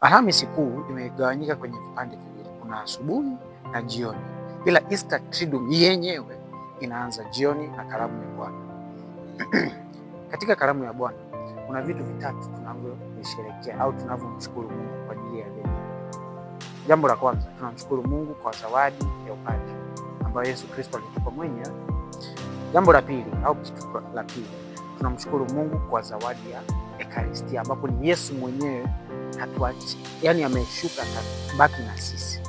Alhamisi Kuu imegawanyika kwenye vipande viwili, kuna asubuhi na jioni, ila Easter Triduum yenyewe inaanza jioni na karamu ya Bwana. Katika karamu ya Bwana kuna vitu vitatu tunavyovisherekea au tunavyomshukuru Mungu kwa ajili ya leo. Jambo la kwanza, tunamshukuru Mungu kwa zawadi ya upande ambayo Yesu Kristo alitupa mwenyewe. Jambo la pili au kitu la pili, tunamshukuru Mungu kwa zawadi ya Ekaristia ambapo ni Yesu mwenyewe hatuachi, yani ameshuka baki na sisi.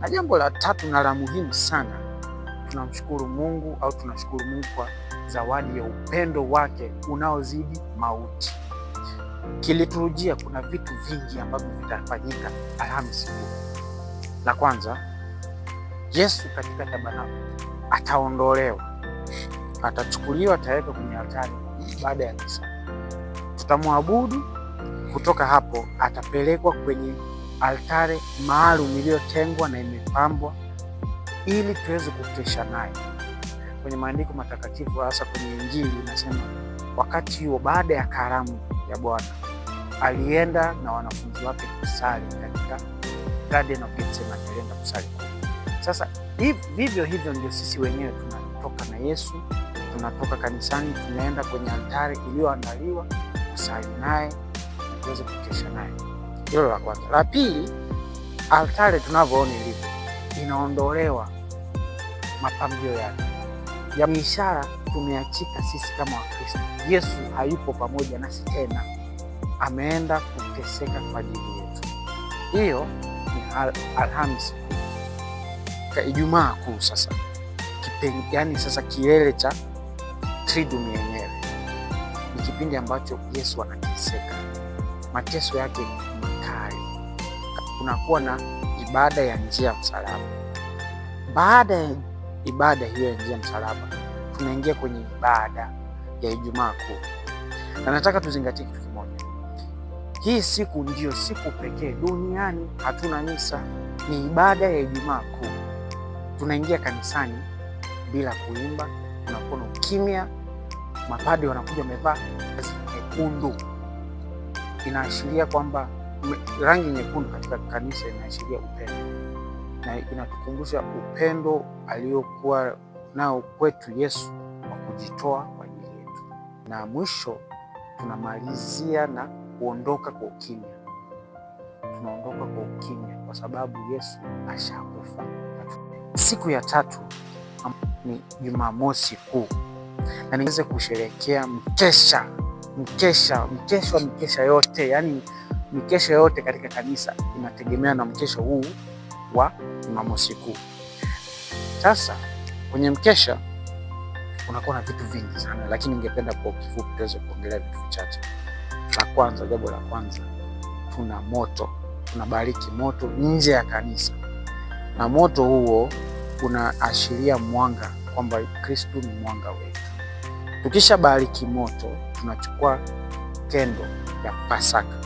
Na jambo la tatu na la muhimu sana, tunamshukuru Mungu au tunashukuru Mungu kwa zawadi ya upendo wake unaozidi mauti. Kiliturujia kuna vitu vingi ambavyo vitafanyika Alhamisi La kwanza, Yesu katika tabanaku ataondolewa, atachukuliwa, atawekwa kwenye altari baada ya misa tutamwabudu. Kutoka hapo atapelekwa kwenye altare maalum iliyotengwa na imepambwa ili tuweze kukesha naye. Kwenye maandiko matakatifu hasa kwenye Injili inasema wakati huo, baada ya karamu ya Bwana, alienda na wanafunzi wake kusali katika Garden of Gethsemane, alienda kusali. Sasa vivyo hivyo ndio sisi wenyewe tunatoka na Yesu, tunatoka kanisani, tunaenda kwenye altare iliyoandaliwa tusali naye na tuweze kukesha naye. Hilo la kwanza. La pili, altare tunavyoona ilivyo inaondolewa mapambio yake ya mishara. Tumeachika sisi kama Wakristo. Yesu hayupo pamoja nasi tena, ameenda kuteseka kwa ajili yetu. Hiyo ni al Alhamisi Ijumaa Kuu. Sasa yani sasa kilele cha tridumu yenyewe kipindi ambacho Yesu anateseka, mateso yake makali, kunakuwa na ibada ya njia ya msalaba. Baada ya ibada hiyo ya njia ya msalaba, tunaingia kwenye ibada ya Ijumaa Kuu, na nataka tuzingatie kitu kimoja. Hii siku ndiyo siku pekee duniani hatuna misa, ni ibada ya Ijumaa Kuu. Tunaingia kanisani bila kuimba, tunakuwa na ukimya mapadi wanakuja wamevaa nyekundu, inaashiria kwamba rangi nyekundu katika kanisa inaashiria upendo na inatukumbusha upendo aliokuwa nao kwetu Yesu wa kujitoa kwa ajili yetu. Na mwisho tunamalizia na kuondoka kwa ukimya. Tunaondoka kwa ukimya kwa sababu Yesu ashakufa. Siku ya tatu ni Jumamosi Kuu na niweze kusherekea mkesha mkesha mkesha mkesha yote, yani mkesha yote katika kanisa inategemea na mkesha huu wa Jumamosi Kuu. Sasa kwenye mkesha unakuwa na vitu vingi sana, lakini ningependa kwa kifupi tuweze kuongelea vitu vichache. La kwanza, jambo la kwanza, tuna moto, tunabariki moto nje ya kanisa, na moto huo unaashiria mwanga kwamba Kristu ni mwanga wetu tukisha bariki moto, tunachukua kendo ya Pasaka.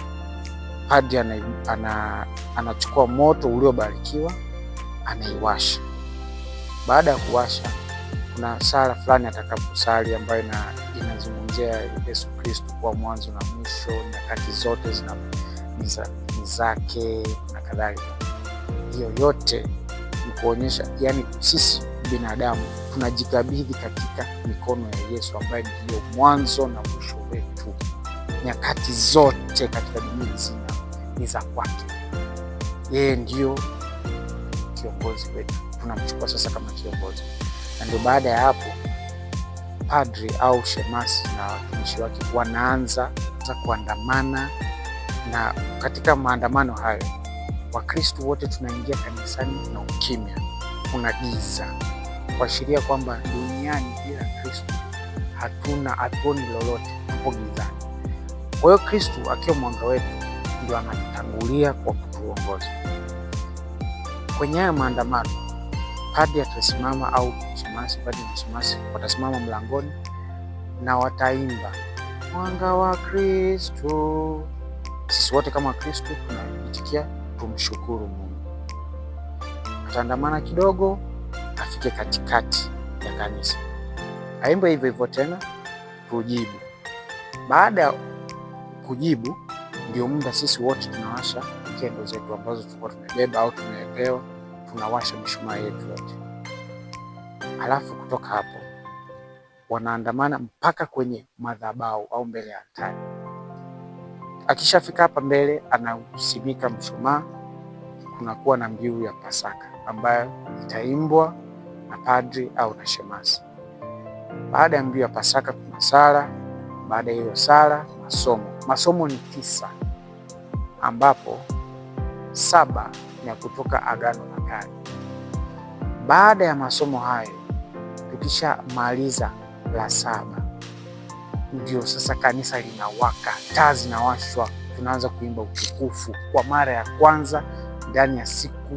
Padri ana, ana, anachukua moto uliobarikiwa anaiwasha. Baada ya kuwasha, kuna sala fulani atakaposali ambayo ina, inazungumzia Yesu Kristo kuwa mwanzo na mwisho, nyakati zote zina ni zake na kadhalika. Hiyo yote ni kuonyesha, yani sisi binadamu, tunajikabidhi katika mikono ya Yesu ambaye ndiyo mwanzo na mwisho wetu. Nyakati zote katika dunia nzima ni za kwake, yeye ndiyo kiongozi wetu, tunamchukua sasa kama kiongozi. Na ndio baada ya hapo padri au shemasi na watumishi wake wanaanza za kuandamana, na katika maandamano hayo Wakristo wote tunaingia kanisani na ukimya kuna giza, kuashiria kwamba duniani bila Kristo hatuna hatuoni lolote, tupo gizani. Kwa hiyo Kristo akiwa mwanga wetu ndio anatangulia kwa kutuongoza. Kwenye haya maandamano, padri atasimama au mshemasi, padri na mshemasi watasimama mlangoni na wataimba mwanga wa Kristo. Sisi wote kama Kristo tunaitikia tumshukuru Mungu utaandamana kidogo afike katikati ya kanisa, aimbe hivyo hivyo tena, tujibu. Baada ya kujibu, ndio muda sisi wote tunawasha kendo zetu ambazo tulikuwa tumebeba au tumepewa tunawasha mishumaa yetu yote, alafu kutoka hapo wanaandamana mpaka kwenye madhabahu au mbele ya altari. Akishafika hapa mbele, anausimika mshumaa, kunakuwa na mbiu ya Pasaka ambayo itaimbwa na padri au na shemasi. Baada ya mbio ya Pasaka kuna sala. Baada ya hiyo sala, masomo. Masomo ni tisa, ambapo saba ni ya kutoka Agano la Kale. Baada ya masomo hayo, tukishamaliza la saba, ndio sasa kanisa linawaka, taa zinawashwa, tunaanza kuimba utukufu kwa mara ya kwanza ndani ya siku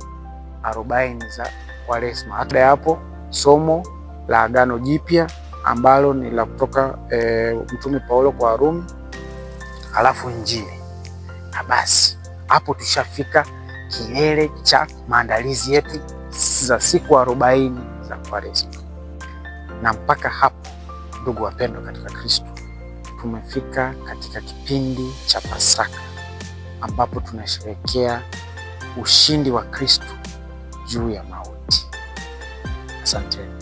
arobaini za Kwaresma. Baada ya hapo somo la Agano Jipya ambalo ni la kutoka e, Mtume Paulo kwa Warumi, alafu Injili, na basi hapo tushafika kilele cha maandalizi yetu za siku arobaini za Kwaresma. Na mpaka hapo, ndugu wapendwa katika Kristo, tumefika katika kipindi cha Pasaka ambapo tunasherekea ushindi wa Kristo juu ya mauti. Asanteni.